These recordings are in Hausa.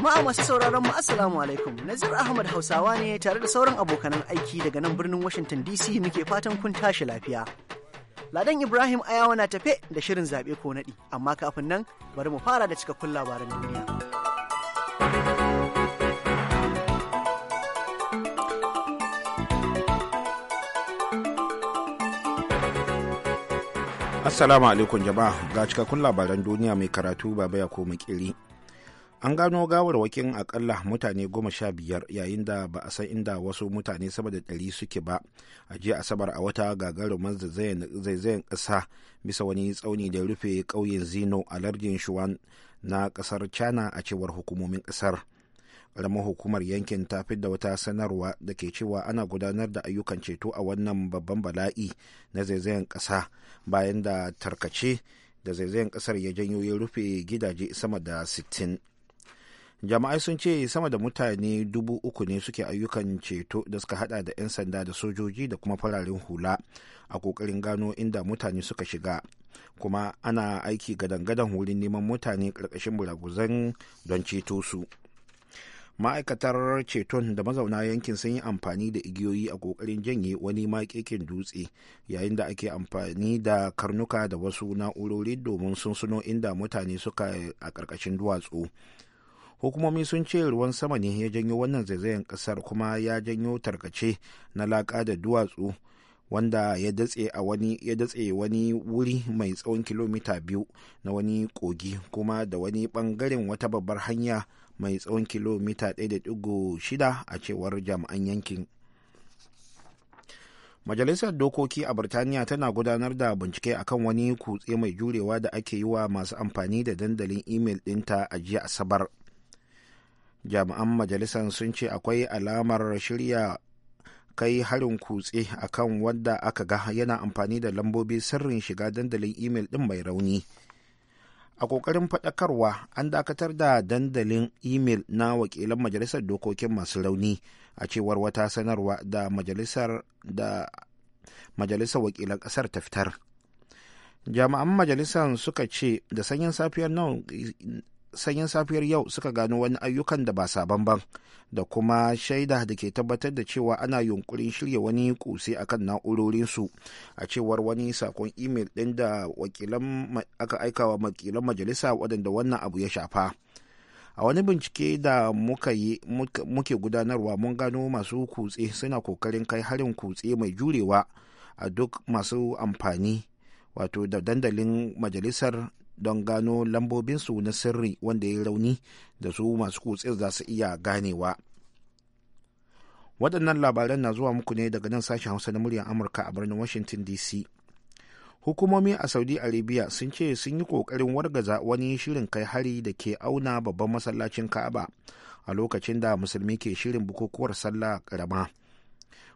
Jama'a masu sauraron mu Assalamu alaikum. Nazir Ahmad Hausawa ne tare da sauran abokanan aiki daga nan birnin Washington DC muke fatan kun tashi lafiya. Ladan Ibrahim Ayawa na tafe da shirin zaɓe ko naɗi, amma kafin nan bari mu fara da cikakkun labaran duniya. Assalamu alaikum jama'a ga cikakkun labaran duniya mai karatu baba ya ko kiri. an gano gawarwakin akalla mutane goma sha biyar yayin da ba a san inda wasu mutane sama da ɗari suke ba a jiya asabar a wata gagarumar zaizayen ƙasa bisa wani tsauni da rufe ƙauyen zino a lardin shuwan na ƙasar china a cewar hukumomin ƙasar ƙaramar hukumar yankin ta fi da wata sanarwa da ke cewa ana gudanar da ayyukan ceto a wannan babban bala'i na zaizayen ƙasa bayan da tarkace da zaizayen ƙasar ya janyo ya rufe gidaje sama da sittin. jama'ai sun ce sama da mutane dubu uku ne suke ayyukan ceto da suka hada da 'yan sanda da sojoji da kuma fararen hula a kokarin gano inda mutane suka shiga kuma ana aiki gadangadan gadan wurin neman mutane karkashin buraguzan don ceto su ma'aikatar ceton da mazauna yankin sun yi amfani da igiyoyi a kokarin janye wani makekin dutse yayin da ake amfani da karnuka da wasu na'urori domin sunsuno inda mutane suka a karkashin duwatsu hukumomi sun ce ruwan sama ne ya janyo wannan zaizayen kasar kuma ya janyo tarkace na laka da duwatsu wanda ya datse a wani ya datse wani wuri mai tsawon kilomita biyu na wani kogi kuma da wani bangaren wata babbar hanya mai tsawon kilomita 1.6 a cewar jami'an yankin majalisar dokoki a birtaniya tana gudanar da bincike akan wani kutse mai jurewa da ake yi wa masu amfani da dandalin imel dinta a jiya asabar jami'an majalisar sun ce akwai alamar shirya kai harin kutse akan wadda aka ga yana amfani da lambobi sirrin shiga dandalin imel din mai rauni a kokarin faɗakarwa an dakatar da dandalin imel na wakilan majalisar dokokin masu rauni a cewar wata sanarwa da majalisar da majalisar wakilan ƙasar ta fitar jami'an majalisar suka ce da sanyin safiyar nan sanyin safiyar yau suka gano wani ayyukan da ba sabon ban da kuma shaida da ke tabbatar da cewa ana yunkurin shirya wani a kan na'urorinsu a cewar wani sakon imel ɗin da aka aika wa wakilan majalisa waɗanda wannan abu ya shafa a wani bincike da muka yi muke gudanarwa mun gano masu kutse suna kokarin kai harin kutse mai jurewa a duk masu amfani wato da dandalin majalisar don gano lambobinsu na sirri wanda ya yi rauni da su masu kutse za su iya ganewa waɗannan labaran na zuwa muku ne daga nan sashen hausa na muryar amurka a birnin washington dc hukumomi a saudi arabia sun ce sun yi ƙoƙarin wargaza wani shirin kai hari da ke auna babban masallacin ka'aba a lokacin da musulmi ke shirin bukukuwar sallah ƙarama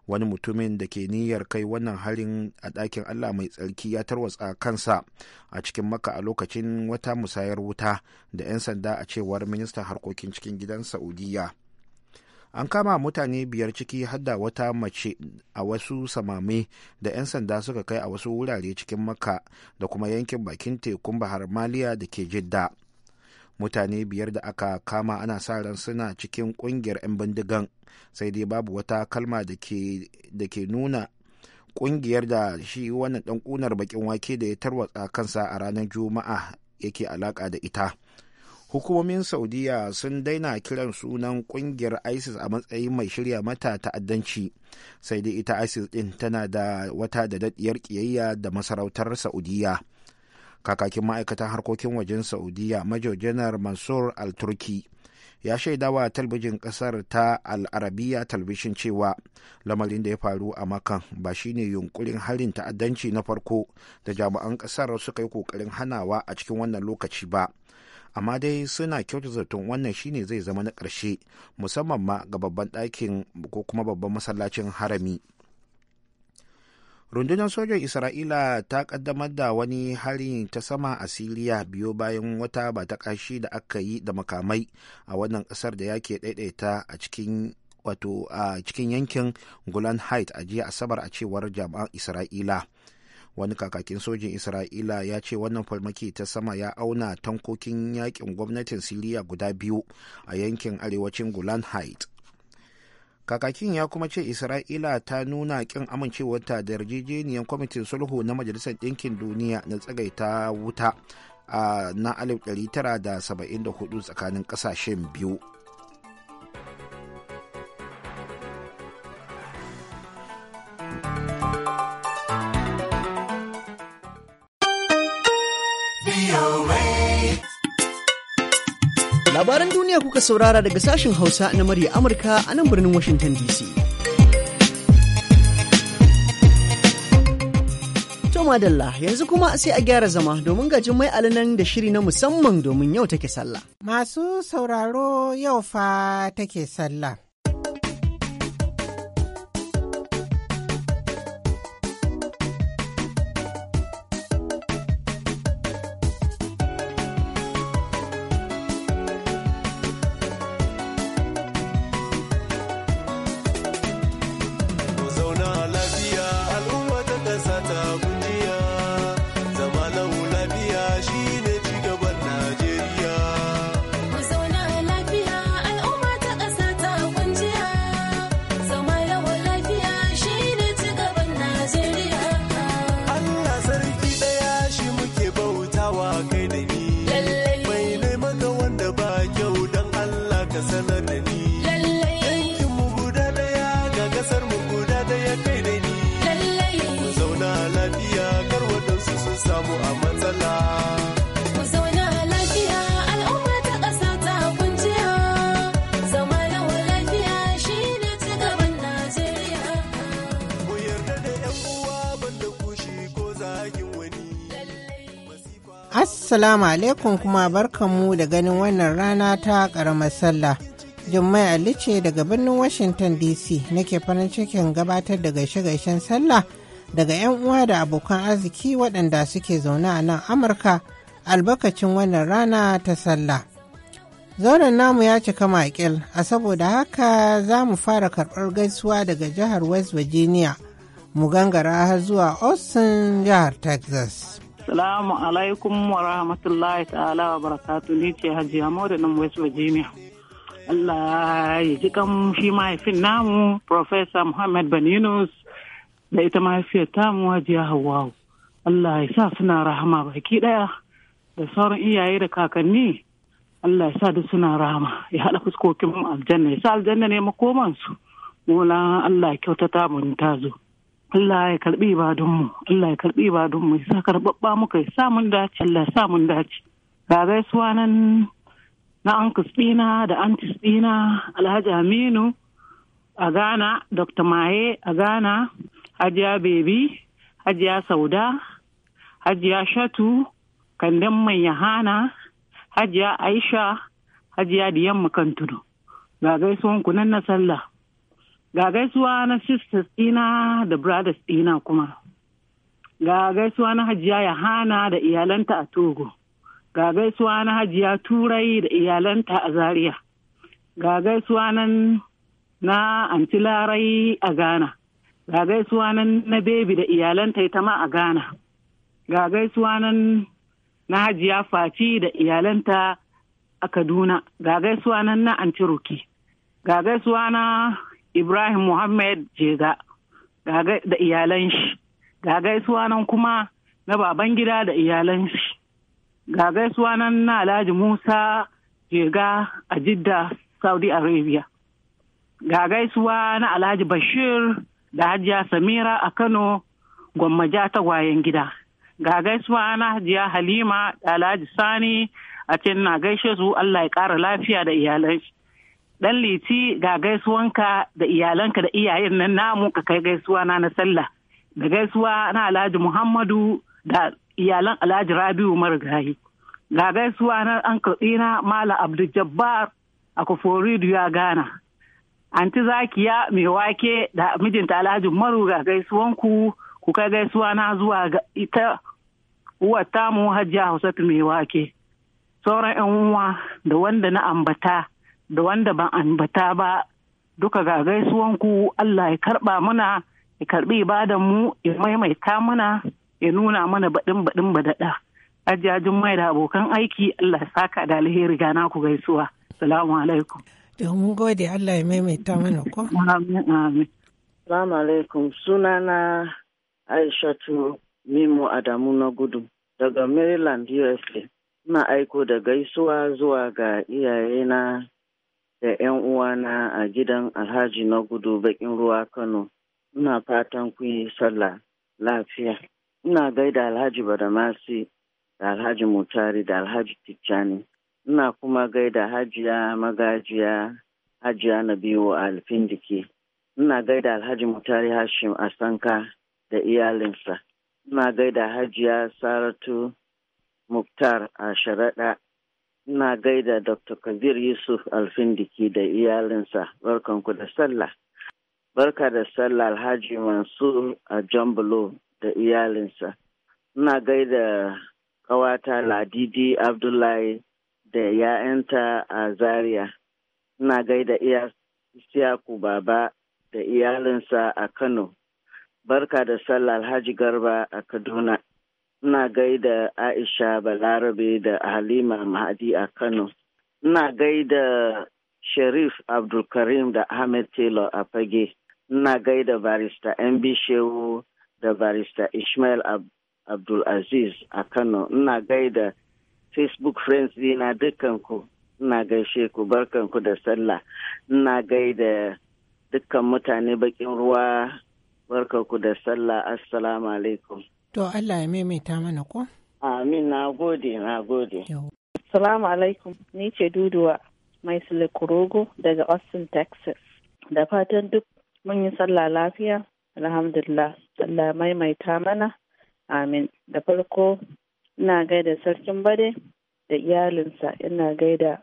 wani mutumin da ke niyyar kai wannan harin a ɗakin allah mai tsarki ya tarwatsa kansa a cikin maka a lokacin wata musayar wuta da 'yan sanda a cewar ministan harkokin cikin gidan saudiya an kama mutane biyar ciki hadda wata mace a wasu samami da 'yan sanda suka kai a wasu wurare cikin maka da kuma yankin bakin tekun bahar maliya da ke jidda mutane biyar da aka kama ana sa ran suna cikin kungiyar 'yan bindigan sai dai babu wata kalma da ke nuna kungiyar da shi wannan dan kunar bakin wake da ya tarwatsa kansa a ranar juma'a yake alaka da ita hukumomin saudiya sun daina kiran sunan kungiyar isis a matsayin mai shirya mata ta'addanci sai dai ita isis din tana da wata da daɗiyar ƙiyayya da masarautar saudiya kakakin ma'aikatan harkokin wajen saudiya major janar mansur al-turki ya shaidawa talbijin kasar ta al'arabiya talbishin cewa lamarin da ya faru a makan ba shine yunkurin halin ta'addanci na farko da jami'an kasar suka yi kokarin hanawa a cikin wannan lokaci ba amma dai suna kyauta zaton wannan shine zai zama na ƙarshe musamman ma ga babban ɗakin ko kuma babban masallacin harami rundunar sojan isra'ila ta kaddamar da wani hari ta sama a siriya biyo bayan wata bata ta kashi da aka yi da makamai a wannan kasar da yake daidaita a cikin wato a cikin yankin golan heights a jiya asabar a cewar jami'an isra'ila wani kakakin sojin isra'ila ya ce wannan farmaki ta sama ya auna tankokin yakin gwamnatin siriya guda biyu a yankin arewacin golan heights kakakin ya kuma ce isra'ila ta nuna kin amincewarta da yarjejeniyar kwamitin sulhu na majalisar ɗinkin duniya na tsagaita wuta na 1974 tsakanin ƙasashen biyu duniya kuka saurara daga sashen Hausa na murya Amurka a nan birnin Washington DC. to madalla yanzu kuma sai a gyara zama domin gajin mai alanan da shiri na musamman domin yau take sallah. Masu sauraro yau fa take sallah. Assalamu alaikum kuma barkanmu da ganin wannan rana ta ƙaramar sallah. Jummai Ali ce daga birnin Washington DC nake farin cikin gabatar da gaishe-gaishen sallah daga 'yan uwa da abokan arziki waɗanda suke zaune a nan Amurka albakacin wannan rana ta sallah. Zauren namu ya cika makil, a saboda haka za mu fara karɓar gaisuwa daga jihar West Virginia, mu gangara har zuwa Austin jihar Texas. Salamu alaikum wa rahmatullahi ta'ala wa barakatu ni ce Hajiya Mauda nan West Virginia. Allah ya ji kan shi mahaifin namu Professor Muhammad Ban da ita mahaifiyar tamu Hajiya Hawwa. Allah ya sa suna rahama baki daya da sauran iyaye da kakanni. Allah ya sa da suna rahama ya haɗa fuskokin aljanna ya sa aljanna ne makomansu. Mola Allah ya kyautata mun ta zo. Allah ya karbi ibadunmu Allah ya karbi ibadunmu ya sa karbabba muka ya sa mun dace Allah ya sa mun dace ga gaisuwa nan na ankus ɗina da antis ɗina Alhaji Aminu a Ghana Dr. Maye a Ghana Hajiya Bebi Hajiya Sauda Hajiya Shatu Kandin Mai Yahana Hajiya Aisha Hajiya Diyan Makantudu ga gaisuwan ku nan na sallah ga gaisuwa na sisters ɗina da brothers ɗina kuma ga gaisuwa na hajiya yahana da iyalanta a togo ga gaisuwa na hajiya turai da iyalanta a zaria ga gaisuwa nan na antilarai a ghana ga gaisuwa nan na bebi da iyalanta ita ma a ghana ga gaisuwa nan na hajiya faci da iyalanta a kaduna ga gaisuwa nan na antiroki ga gaisuwa na Ibrahim Muhammad Jega da iyalan shi, ga gaisuwa nan kuma na baban gida da iyalan shi, ga gaisuwa nan na Alhaji Musa Jega a Jidda, Saudi Arabia, ga gaisuwa na Alhaji Bashir da Hajiya Samira a Kano, gwammaja tagwayen gida, ga gaisuwa na Hajiya Halima da Alhaji Sani a cin na gaishe su Allah ya ƙara lafiya da iyalan shi. dan liti ga gaisuwanka da iyalanka da iyayen nan namu ka kai gaisuwa na na sallah da gaisuwa na alhaji muhammadu da iyalan alhaji rabiu marigayi ga gaisuwa na an na mala abdul jabbar a kuforidu ya gana anti zakiya mai wake da mijinta alhaji maru ga gaisuwanku ku kai gaisuwa na zuwa ga ita uwar tamu hajiya hausatu mai wake sauran yan uwa da wanda na ambata da wanda ban ambata ba duka ga gaisuwanku Allah ya karba mana ya karbi ibadan mu ya maimaita mana ya nuna mana baɗin baɗin daɗa ajajin mai da abokan aiki Allah ya saka da alheri gana ku gaisuwa salamu alaikum da mun gode Allah ya maimaita mana ko amin amin salamu alaikum sunana Aishatu Mimu Adamu na gudu daga Maryland USA ina aiko da gaisuwa zuwa ga iyayena da 'yan uwana a gidan Alhaji na gudu bakin ruwa Kano. Ina fatan kun yi sallah lafiya. Ina gaida Alhaji Badamasi da Alhaji Mutari da Alhaji Tijjani. Ina kuma gaida Hajiya Magajiya Hajiya na biyu alfin jiki Ina gaida Alhaji Mutari Hashim Asanka da iyalinsa. Ina gaida Hajiya Saratu Muktar a sharaɗa na gaida Dr. Kabir Yusuf Alfindiki da iyalinsa, barkanku da sallah. Barka da sallah Alhaji Mansur a Jambulo da iyalinsa. Ina gaida ƙawata Ladidi Abdullahi da ‘ya'yanta a Zaria. na gaida siyaku Baba da iyalinsa a Kano. Barka da sallah Alhaji Garba a Kaduna. ina gaida Aisha Balarabe da Halima Mahadi a Kano. Ina gaida Sharif Abdulkarim da Ahmed Taylor a Fage. Ina gaida barista MB Shehu da barista Ishmael Ab Abdulaziz a Kano. Ina gaida Facebook friends dina dukanku. Ina gaishe ku barkanku da sallah. Ina gaida dukkan mutane bakin ruwa barkanku da sallah. Assalamu alaikum. To Allah ya maimaita mana ko? Amin na gode na gode. Salamu alaikum ni ce duduwa mai silikurogo daga Austin Texas. Da fatan duk mun yi sallah lafiya alhamdulillah Allah maimaita mana amin da farko ina gaida sarkin bade da iyalinsa ina gaida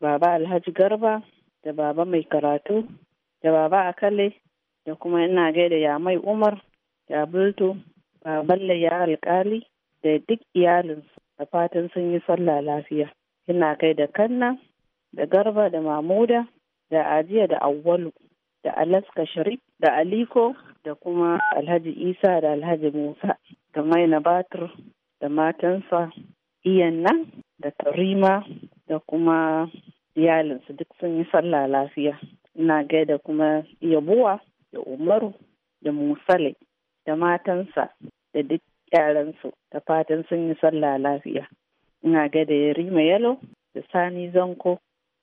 baba alhaji garba da baba mai karatu da baba akale da kuma ina gaida ya mai umar ya bulto balle ya alkali da duk iyalinsu da fatan sun yi sallah lafiya. Ina kai da kanna da garba da mamuda da ajiya da awwalu da alaska sharif da aliko da kuma alhaji isa da alhaji musa da maina batur da matansa iyanna da tarima da kuma iyalinsu duk sun yi sallah lafiya ina gaida kuma yabuwa da umaru da musale da matansa da duk yaransu ta fatan sun yi sallah lafiya. Ina ga da rima Yalo da Sani Zanko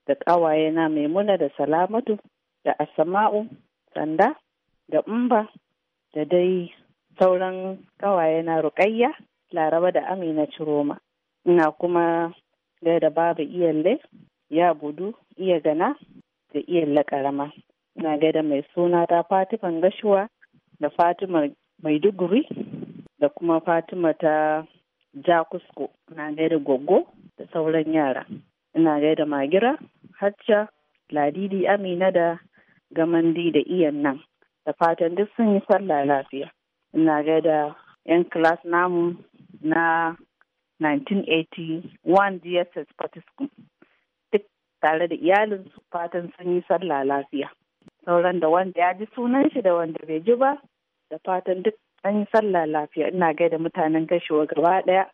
da ƙawayena Maimuna da Salamatu da Asama'u Sanda da Umba da dai sauran ƙawayena Rukayya Laraba da Amina Ciroma. Ina kuma gada babu iyalle ya budu iya gana da iyalle ƙarama. Ina gada mai suna ta Fatifan Gashuwa da Fatima Maiduguri da kuma Fatima ta Jakusko na gaida Gwaggo da sauran yara. Ina gaida Magira, Hacca, Ladidi Amina da Gamandi da Iyan nan. Da fatan duk sun yi sallah lafiya. Ina gaida 'yan class namu na 1981 GSS Patisku. Duk tare da iyalinsu fatan sun yi sallah lafiya. Sauran da wanda ya ji sunan shi da wanda bai ji ba, da fatan duk an yi sallah lafiya ina gaida mutanen gashiwa gaba daya.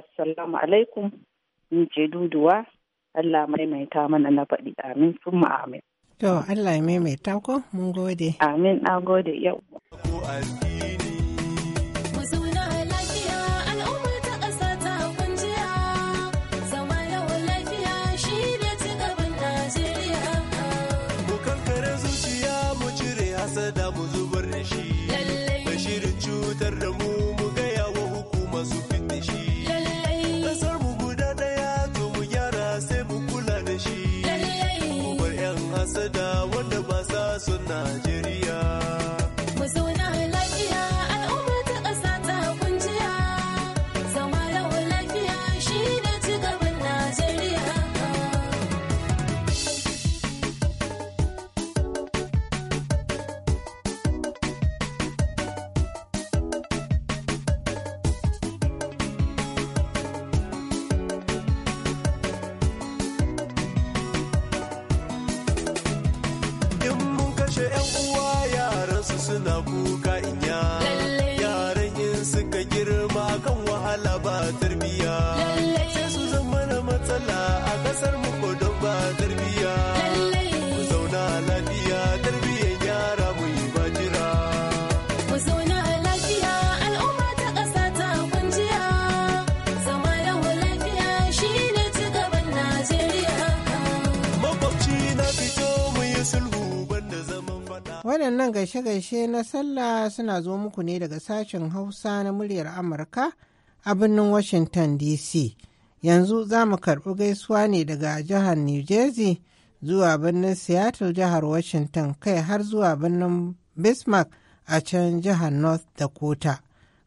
assalamu alaikum ni ce duduwa Allah maimaita mana na faɗi amin sun amin. To Allah ya maimaita ko mun gode. Amin na gode yau. gaishe-gaishe na sallah suna zo muku ne daga sashen Hausa na muryar Amurka a birnin Washington DC. Yanzu za mu karɓi gaisuwa ne daga jihar New Jersey zuwa birnin Seattle jihar Washington kai har zuwa birnin Bismarck a can jihar North Dakota.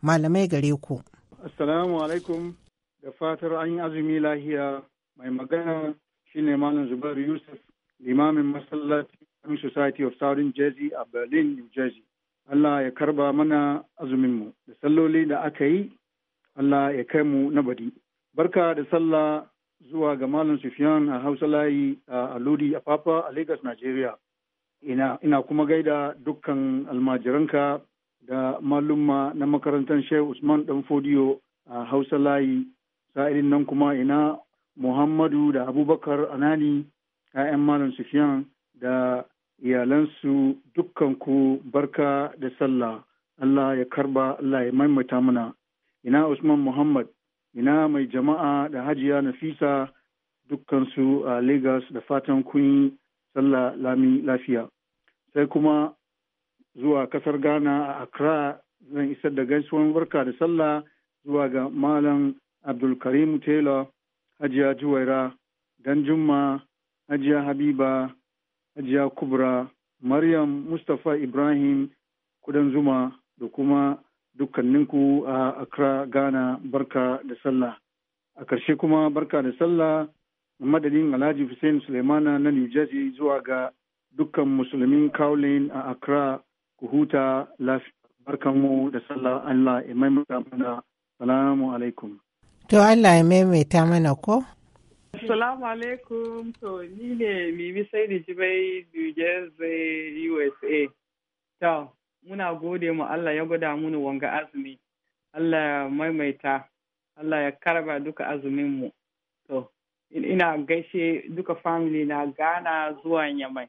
Malamai gare ku. Assalamu alaikum da fatar an yi azumi lahiya mai magana shine Malam zubar Yusuf limamin masallaci Society of Southern Jersey a Berlin, New Jersey. Allah ya karba mana azuminmu da salloli da aka yi, Allah ya kai mu na badi. Barka da sallah zuwa ga Malam Sufyan a Hausa layi a Aludi a Papa a Lagos, Nigeria. Ina, kuma gaida dukkan almajiranka da malumma na makarantar Shehu Usman fodiyo a Hausa layi. Sa'ilin nan kuma ina Muhammadu da Abubakar Anani, ‘ya'yan Malam sufiyan da iyalansu dukkanku barka da sallah Allah ya karba Allah ya maimaita mana ina Usman Muhammad ina mai jama'a da hajiya Nafisa dukkansu a Lagos da fatan kun sallah lami lafiya sai kuma zuwa kasar Ghana a Accra zan isar da gaisuwan barka da sallah zuwa ga Malam Abdulkarim Taylor Hajiya Juwaira Danjumma Hajiya Habiba Hajiya Kubra, Maryam Mustapha Ibrahim Kudan Zuma da kuma dukkaninku a Accra, Ghana, barka da sallah. A ƙarshe kuma barka da sallah madadin Alhaji Hussein Suleimana na New Jersey zuwa ga dukkan musulmin Kaulin a Accra ku huta lafiya. Barkanmu da sallah Allah ya maimaita Salamu alaikum. To Allah ya maimaita mana ko? Assalamu alaikum, to ni ne Mimi Saidi Jibai New Jersey, USA. To, muna gode mu Allah ya gwada muni wanga azumi, Allah ya maimaita, Allah ya karba duka azuminmu. To, ina gaishe duka family na Gana zuwa Yamai.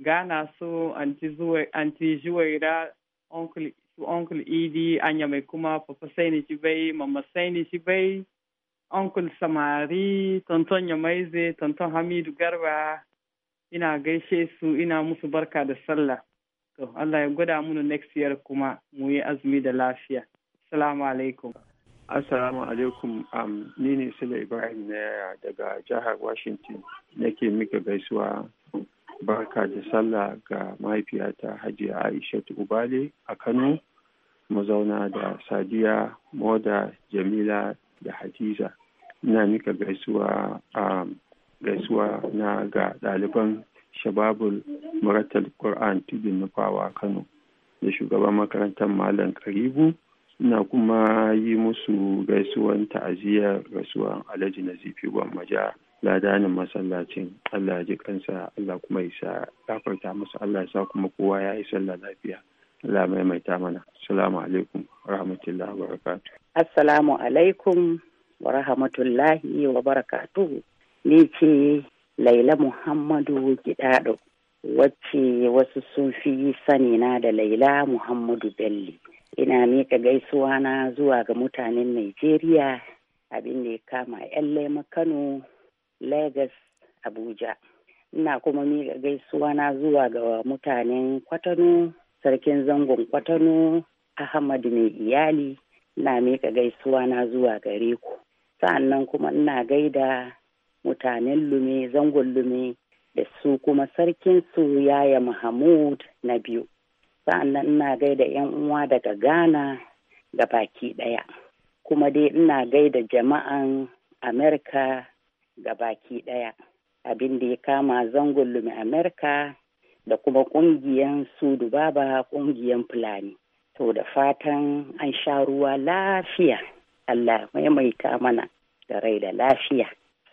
Ghana su anti Juwaira, uncle, Idi, Anya mai kuma, Papa Saini Jibai, Mama Saini Jibai, uncle Samari, Tonton Yamaize, Tonton Hamidu Garba, ina gaishe su ina musu barka da sallah. To, Allah ya gwada mu next year kuma mu yi azumi da lafiya. Assalamu alaikum. Assalamu alaikum, um, ni ne Sule Ibrahim na daga jihar Washington nake muke gaisuwa barka da sallah ga mahaifiyata Hajiya Aisha Ubale a Kano, zauna da Sadiya, Moda, Jamila da Hadiza. ina mika gaisuwa a gaisuwa na ga ɗaliban shababul muratal qur'an tudun nufawa kano da shugaban makarantar malam karibu ina kuma yi musu gaisuwan ta'aziyar rasuwan alhaji nazifi gwammaja ladanin masallacin allah ji kansa allah kuma isa gafarta masa allah ya sa kuma kowa ya yi sallah lafiya allah maimaita mana assalamu alaikum rahmatullahi wa barakatuh assalamu alaikum wa rahmatullahi wa barakatu ni ce Laila Muhammadu Gidado wacce wasu sun fi sani na da Laila Muhammadu belli Ina miƙa gaisuwa na zuwa ga mutanen Najeriya abin da ya kama yan Kano, Lagos, Abuja. Ina kuma miƙa gaisuwa na zuwa ga mutanen Kwatano, Sarkin Zangon Kwatano, Ahmad Mai Iyali, ina miƙa gaisuwa na zuwa gare ku. sa'annan kuma ina gaida mutanen lume zangon lume da su kuma sarkin su yaya mahmud na biyu sa'annan ina gaida yan uwa daga ghana ga baki daya. kuma dai ina gaida jama'an amerika ga baki daya. abin da ya kama zangon lume amerika da kuma kungiyan su dubaba kungiyan fulani to da fatan an sha ruwa lafiya Allah maimaita mana da rai da lafiya.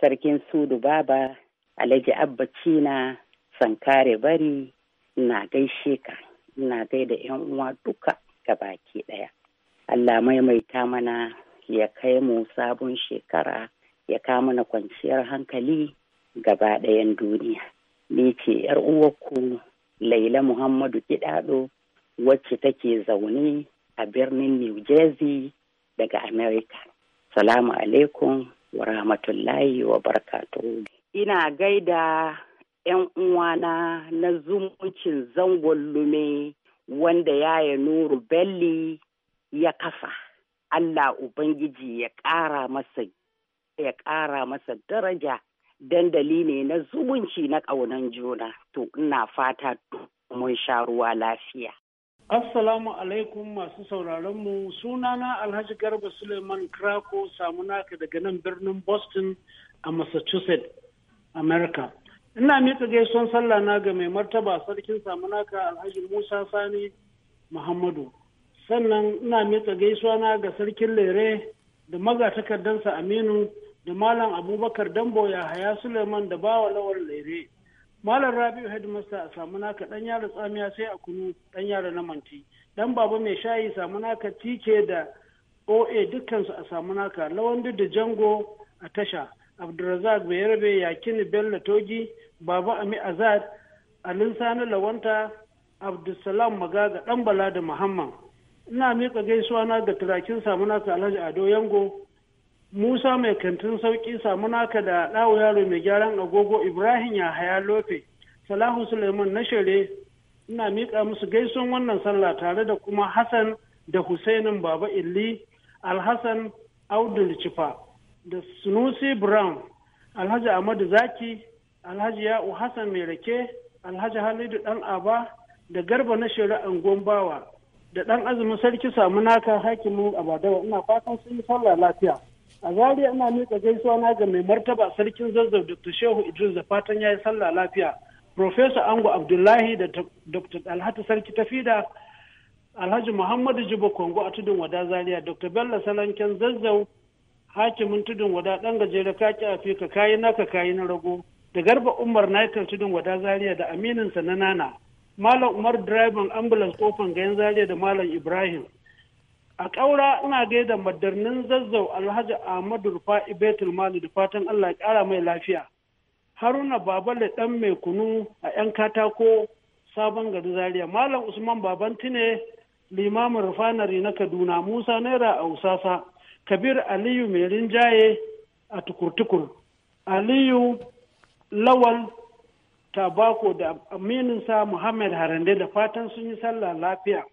Sarkin Sudu Baba Alhaji Abba Cina Sankare Bari na gaishe ka na gaida 'yan uwa duka ga baki ɗaya. Allah maimaita mana ya kai mu sabon shekara ya kama na kwanciyar hankali gaba ɗayan duniya. Ni ce ‘yar uwarku Laila Muhammadu Kiɗaɗo wacce take zaune a birnin New Jersey daga america. Salamu alaikum wa rahmatullahi wa barkatu Ina gaida 'yan uwana na zumuncin zangon lume wanda yaya Nuru Belli ya kafa. Allah Ubangiji ya ƙara masa ya ƙara masa daraja dandali ne na zumunci na ƙaunan juna. To ina fata mun sha ruwa lafiya. Assalamu alaikum masu sauraronmu sunana Alhaji Garba Suleiman Krako naka daga nan birnin Boston a Massachusetts, America. Ina mika gaison sallah na ga mai martaba sarkin naka Alhaji Musa Sani Muhammadu. Sannan ina mika gaisuwa na ga sarkin lere da magatakardansa Aminu da Malam Abubakar Dambo Yahaya Suleiman da bawa lawar lere. Malam Rabi'u headmaster a samu naka dan yara tsamiya sai a kunu dan yara na manti. Dan baba mai shayi samu naka tike da OA dukkansu a samu naka lawandu da jango a tasha. Abdulrazak Bayarbe Yakini Bello Togi Baba Ami Azad a Lawanta Abdulsalam Magaga Dan Bala da Muhammad. Ina miƙa gaisuwa na ga turakin samu naka Alhaji Ado Yango Musa mai kantin sauƙi samu naka da ɗawo yaro mai gyaran agogo Ibrahim Yahaya Lofe, Salahu Suleiman na shere ina miƙa musu gaison wannan sallah tare da kuma Hassan da Husainin Baba Illi, Alhassan Audul Cifa, da Sunusi Brown, Alhaji Ahmadu Zaki, Alhaji Ya'u Hassan mai rake, Alhaji Halidu Ɗan Aba, da Garba na shere Angon Bawa, da ɗan azumin sarki samu naka hakimin Abadawa ina fatan sun yi sallah lafiya. a zariya ana miƙa gaisuwa na ga mai martaba sarkin zazzau dr shehu idris da fatan ya yi sallah lafiya profesa ango abdullahi da dr alhatu sarki tafida alhaji muhammadu jibo kongo a tudun wada zaria dr bello salanken zazzau hakimin tudun wada dan gajere kaki a fika kayi naka kayi na rago da garba umar naikar tudun wada zaria da aminin sa na nana malam umar direban ambulance kofan gayan zariya da malam ibrahim a ƙaura ina gaida madarnin zazzau alhaji ahmadu rufa'i ibetul mali da fatan allah ya ƙara mai lafiya haruna babale ɗan mai kunu a 'yan katako sabon gari zaria malam usman baban tine limamin rufanari na kaduna musa naira a usasa kabir aliyu mai rinjaye a tukurtukur aliyu lawal tabako da sa muhammad harande da fatan sun yi sallah lafiya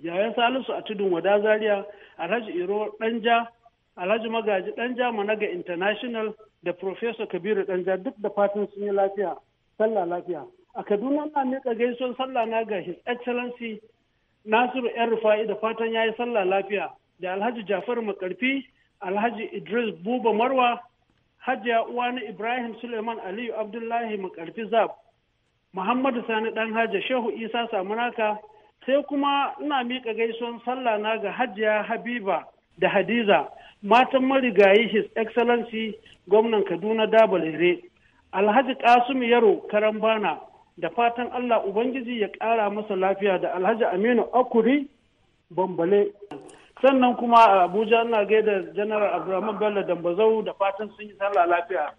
yayan salisu a tudun wada zaria alhaji iro danja alhaji magaji danja managa international da professor kabiru danja duk da fatan sun yi lafiya sallah lafiya a kaduna na miƙa gaisuwar sallah na ga his excellency nasiru yan rufa'i da fatan ya yi sallah lafiya da alhaji jafar makarfi alhaji idris buba marwa hajiya uwani ibrahim suleiman aliyu abdullahi makarfi zab muhammadu sani dan haja shehu isa samunaka sai kuma ina mika gaisuwan sallah na ga hajiya habiba da hadiza matan marigayi his excellency gwamnan kaduna dabalere alhaji kasum yaro karambana da fatan allah ubangiji ya kara masa lafiya da alhaji aminu akuri bambale sannan kuma a abuja ina gaida janar abdulrahman bello dambazau da fatan sun yi sallah lafiya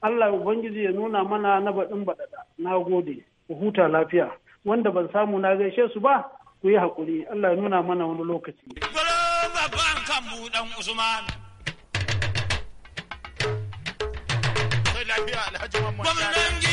allah ubangiji ya nuna mana na baɗin baɗaɗa na gode huta lafiya wanda ban samu na gaishe su ba ku yi hakuri Allah ya nuna mana wani lokaci. Gwamnan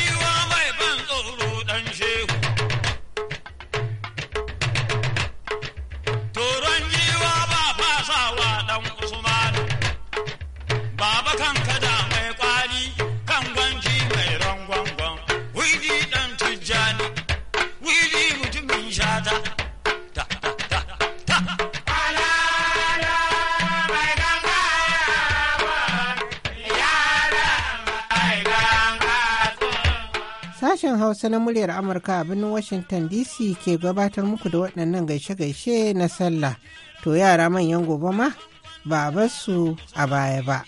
Hausa na muryar Amurka a birnin Washington DC ke gabatar muku da waɗannan gaishe-gaishe na sallah. To yara manyan gobe ma ba a su a baya ba.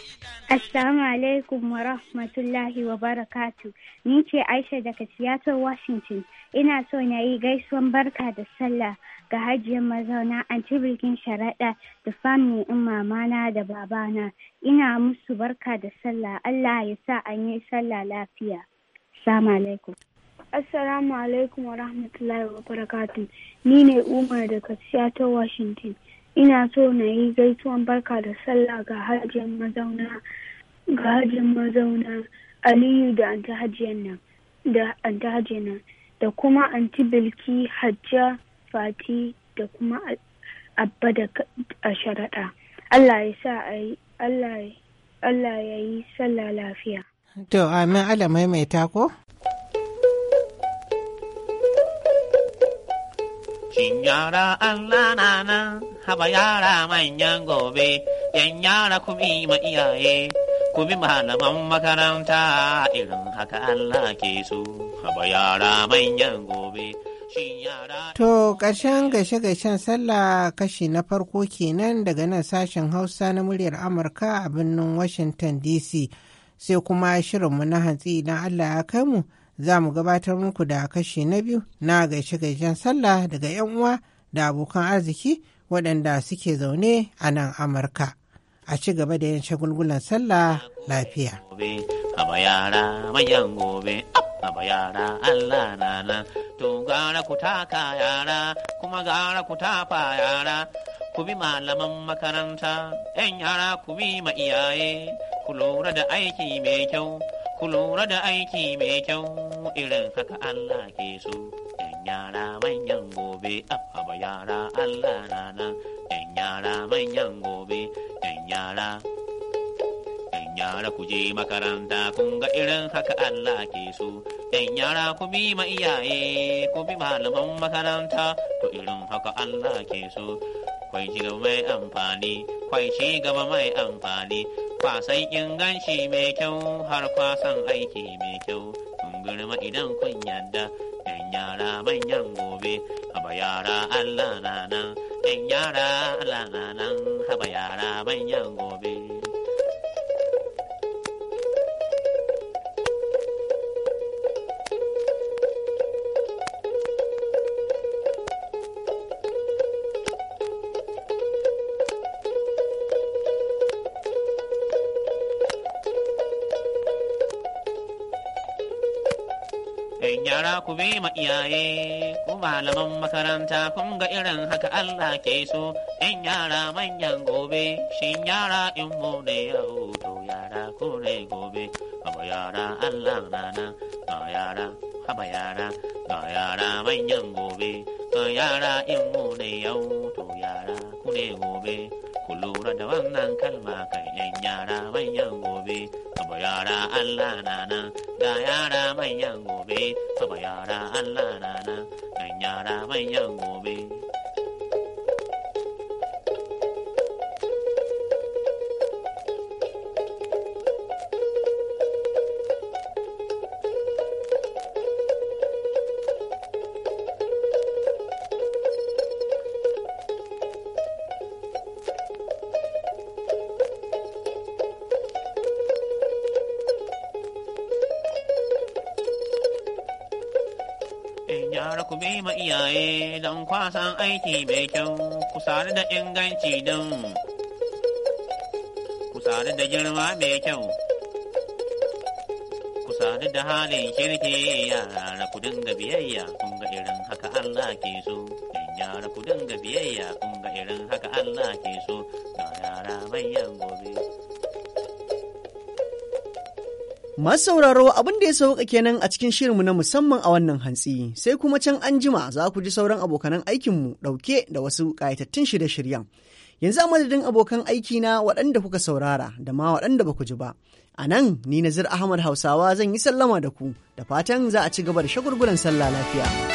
Assalamu alaikum wa rahmatullahi wa barakatu. Ni ce Aisha daga Seattle, Washington. Ina so na yi gaisuwan barka da sallah ga hajiyar mazauna an ci bikin sharaɗa da fami in mamana da babana. Ina musu barka da sallah. Allah ya sa an yi sallah lafiya. Assalamu alaikum. Assalamu alaikum wa rahmatullahi wa barakatun. Ni ne Umar da Katsiya ta Washington. Ina so na yi gaisuwan barka da sallah ga hajjin mazauna ga hajjin mazauna Aliyu da an ta nan da nan da kuma anti Bilki Hajja Fati da kuma Abba da sharaɗa. Allah ya sa a yi Allah ya yi sallah lafiya. To, amin Allah maimaita ko? Shin yara Allah na nan haba yara manyan gobe, yan yara ku bi ma iyaye, ku bi malaman makaranta irin haka Allah ke so, haba yara manyan gobe. To ƙarshen gashe-gashen sallah kashi na farko kenan daga nan sashen Hausa na muryar Amurka a birnin Washington DC sai kuma shirinmu na hantsi idan Allah ya kai mu. za mu gabatar muku da kashi na biyu na gaishe-gaishen sallah daga 'yan uwa da abokan arziki waɗanda suke zaune a nan amurka a ci gaba da yin shagulgulan sallah lafiya na ku yara, kuma gara yara, ku bi malaman makaranta, ‘yan yara ku bi ma iyaye, ku lura da aiki mai kyau, ku lura da aiki mai kyau irin haka Allah ke so. ‘Yan yara manyan gobe, abba yara Allah nana, ‘yan yara manyan gobe, ‘yan yara. ‘Yan yara ku je makaranta kun ga irin haka Allah ke so. ‘Yan yara ku bi ma iyaye, ku bi malaman makaranta, to irin haka Allah ke so. Kwai ci gaba mai amfani, kwai ci gaba mai amfani, kwasan inganci mai kyau har kwasan aiki mai kyau kun girma idan kun yadda yan yara manyan gobe haba yara Allah na nan yan yara Allah na nan haba yara manyan gobe ku bi ma iyaye ku malaman makaranta kun ga irin haka Allah ke so in yara manyan gobe shin yara in mu ne yau to yara ku ne gobe haba yara Allah rana ga yara haba yara ga yara manyan gobe ga yara in mu ne yau to yara ku ne gobe ku lura da wannan kalma kan yan yara manyan gobe gobe saba yara Allah nan ga yara manyan gobe saba yara Allah nana ga yara manyan gobe. yara ku bi ma iyaye don kwasan aiki mai kyau ku sare da inganci don ku sare da girma mai kyau ku sare da halin kirki yara ku dinga biyayya kun ga irin haka Allah ke so yara ku dinga biyayya kun ga irin haka Allah ke so ga yara bayan gobe Masu sauraro abin da ya sauka kenan a cikin shirinmu na musamman a wannan hantsi sai kuma can an jima za ku ji sauran abokanan aikinmu ɗauke da wasu ƙayatattun shirye-shiryen. Yanzu a madadin abokan aiki na waɗanda kuka saurara da ma waɗanda ba ku ji ba. A nan ni Nazir Ahmad Hausawa zan yi sallama da ku da fatan za a ci gaba da shagulgulan sallah lafiya.